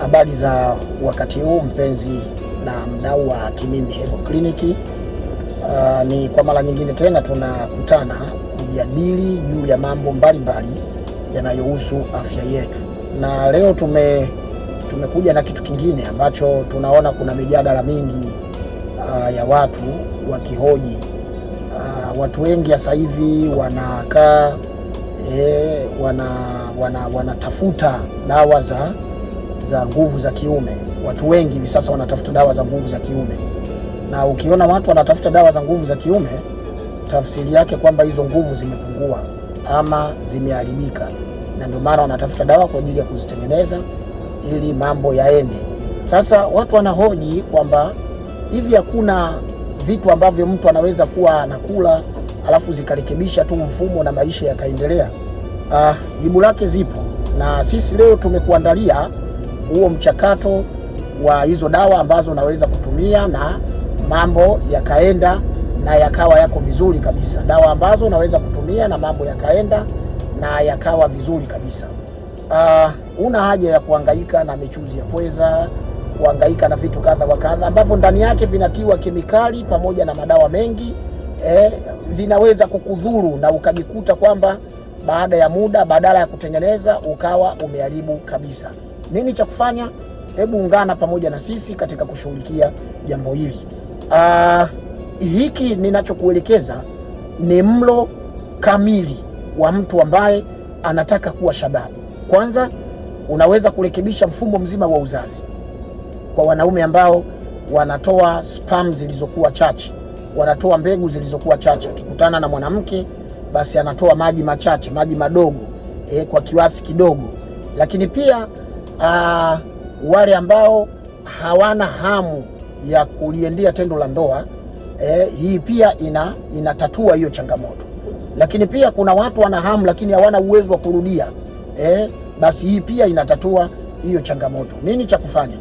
Habari za wakati huu mpenzi na mdau wa Kimimbi Herbal Clinic. Uh, ni kwa mara nyingine tena tunakutana kujadili juu ya mambo mbalimbali yanayohusu afya yetu, na leo tume tumekuja na kitu kingine ambacho tunaona kuna mijadala mingi uh, ya watu wakihoji uh, watu wengi sasa hivi wanakaa eh, wana, wana, wanatafuta dawa za za nguvu za kiume. Watu wengi hivi sasa wanatafuta dawa za nguvu za kiume, na ukiona watu wanatafuta dawa za nguvu za kiume, tafsiri yake kwamba hizo nguvu zimepungua ama zimeharibika, na ndio maana wanatafuta dawa kwa ajili ya kuzitengeneza ili mambo yaende. Sasa watu wanahoji kwamba hivi hakuna vitu ambavyo mtu anaweza kuwa anakula alafu zikarekebisha tu mfumo na maisha yakaendelea. Ah, jibu uh, lake zipo na sisi leo tumekuandalia huo mchakato wa hizo dawa ambazo unaweza kutumia na mambo yakaenda na yakawa yako vizuri kabisa. Dawa ambazo unaweza kutumia na mambo yakaenda na yakawa vizuri kabisa. Uh, una haja ya kuangaika na michuzi ya pweza, kuangaika na vitu kadha wa kadha ambavyo ndani yake vinatiwa kemikali pamoja na madawa mengi eh, vinaweza kukudhuru na ukajikuta kwamba baada ya muda badala ya kutengeneza ukawa umeharibu kabisa. Nini cha kufanya? Hebu ungana pamoja na sisi katika kushughulikia jambo hili. Uh, hiki ninachokuelekeza ni mlo kamili wa mtu ambaye anataka kuwa shababu. Kwanza, unaweza kurekebisha mfumo mzima wa uzazi kwa wanaume ambao wanatoa spam zilizokuwa chache, wanatoa mbegu zilizokuwa chache. Akikutana na mwanamke, basi anatoa maji machache, maji madogo eh, kwa kiwasi kidogo, lakini pia uh, wale ambao hawana hamu ya kuliendea tendo la ndoa eh, hii pia ina inatatua hiyo changamoto. Lakini pia kuna watu wana hamu lakini hawana uwezo wa kurudia eh, basi hii pia inatatua hiyo changamoto. Nini cha kufanya?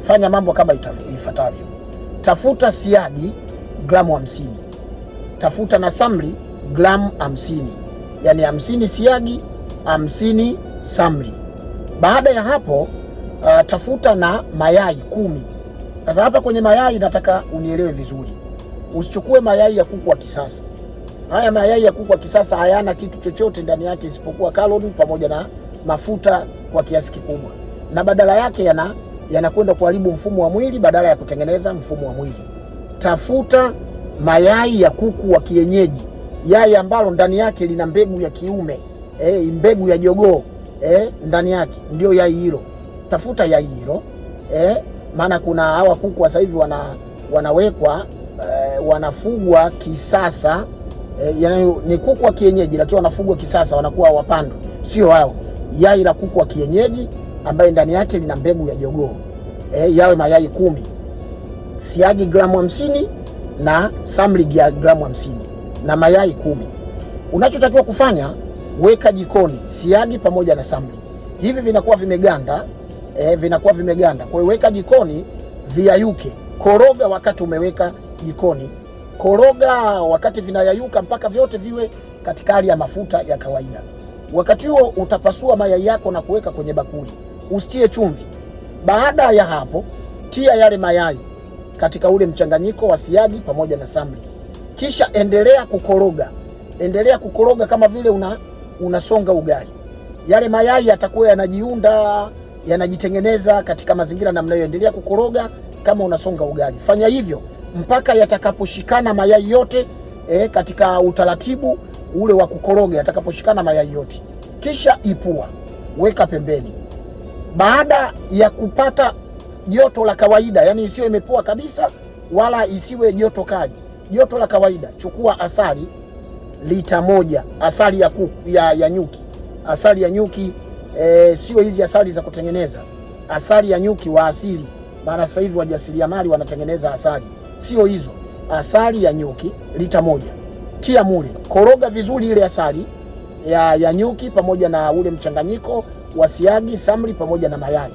Fanya mambo kama ifuatavyo: tafuta siagi gramu 50, tafuta na samli gramu 50, yani 50 siagi 50 samli baada ya hapo uh, tafuta na mayai kumi. Sasa hapa kwenye mayai nataka unielewe vizuri, usichukue mayai ya kuku wa kisasa. Haya mayai ya kuku wa kisasa hayana kitu chochote ndani yake isipokuwa kaloni pamoja na mafuta kwa kiasi kikubwa, na badala yake yana yanakwenda kuharibu mfumo wa mwili badala ya kutengeneza mfumo wa mwili. Tafuta mayai ya kuku wa kienyeji, yai ambalo ndani yake lina mbegu ya kiume, eh, mbegu ya jogoo eh, ndani yake ndio yai hilo. Tafuta yai hilo eh, maana kuna hawa kuku sasa hivi wana wanawekwa eh, wanafugwa kisasa eh, yani ni kuku wa kienyeji lakini wanafugwa kisasa, wanakuwa wapando sio hao yai la kuku wa kienyeji ambaye ndani yake lina mbegu ya jogoo eh, yawe mayai kumi, siagi gramu hamsini na samli ya gramu hamsini na mayai kumi. Unachotakiwa kufanya weka jikoni siagi pamoja na samli. Hivi vinakuwa vimeganda eh, vinakuwa vimeganda. Kwa hiyo weka jikoni viyayuke, koroga wakati umeweka jikoni, koroga wakati vinayayuka mpaka vyote viwe katika hali ya mafuta ya kawaida. Wakati huo utapasua mayai yako na kuweka kwenye bakuli, usitie chumvi. Baada ya hapo, tia yale mayai katika ule mchanganyiko wa siagi pamoja na samli, kisha endelea kukoroga, endelea kukoroga kama vile una unasonga ugali, yale mayai yatakuwa yanajiunda yanajitengeneza katika mazingira namna hiyo. Endelea kukoroga kama unasonga ugali, fanya hivyo mpaka yatakaposhikana mayai yote e, katika utaratibu ule wa kukoroga, yatakaposhikana mayai yote, kisha ipua, weka pembeni. Baada ya kupata joto la kawaida, yani isiwe imepua kabisa wala isiwe joto kali, joto la kawaida, chukua asali lita moja asali ya, kuku, ya, ya nyuki asali ya nyuki e, sio hizi asali za kutengeneza, asali ya nyuki wa asili. Maana sasa hivi wajasiriamali wanatengeneza asali, sio hizo. Asali ya nyuki lita moja, tia mule, koroga vizuri ile asali ya, ya nyuki pamoja na ule mchanganyiko wa siagi, samli pamoja na mayai.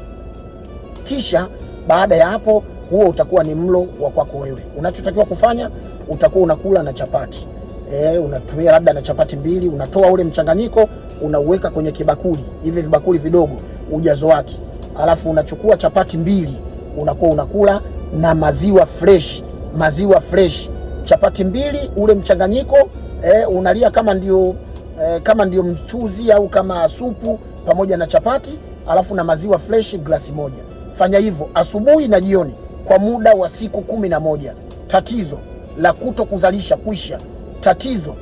Kisha baada ya hapo, huo utakuwa ni mlo wa kwako wewe. Unachotakiwa kufanya utakuwa unakula na chapati eh, unatumia labda na chapati mbili, unatoa ule mchanganyiko unauweka kwenye kibakuli, hivi vibakuli vidogo ujazo wake, alafu unachukua chapati mbili unakuwa unakula na maziwa fresh, maziwa fresh, chapati mbili ule mchanganyiko eh, unalia kama ndio eh, kama ndio mchuzi au kama supu pamoja na chapati, alafu na maziwa fresh glasi moja. Fanya hivyo asubuhi na jioni kwa muda wa siku kumi na moja. Tatizo la kuto kuzalisha kuisha tatizo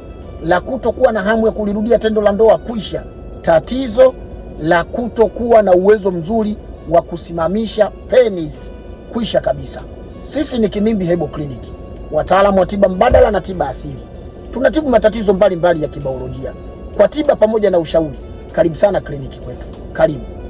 la kutokuwa na hamu ya kulirudia tendo la ndoa kuisha, tatizo la kutokuwa na uwezo mzuri wa kusimamisha penis kuisha kabisa. Sisi ni Kimimbi Hebo Clinic, wataalamu wa tiba mbadala na tiba asili. Tunatibu matatizo mbalimbali mbali ya kibaolojia kwa tiba pamoja na ushauri. Karibu sana kliniki kwetu, karibu.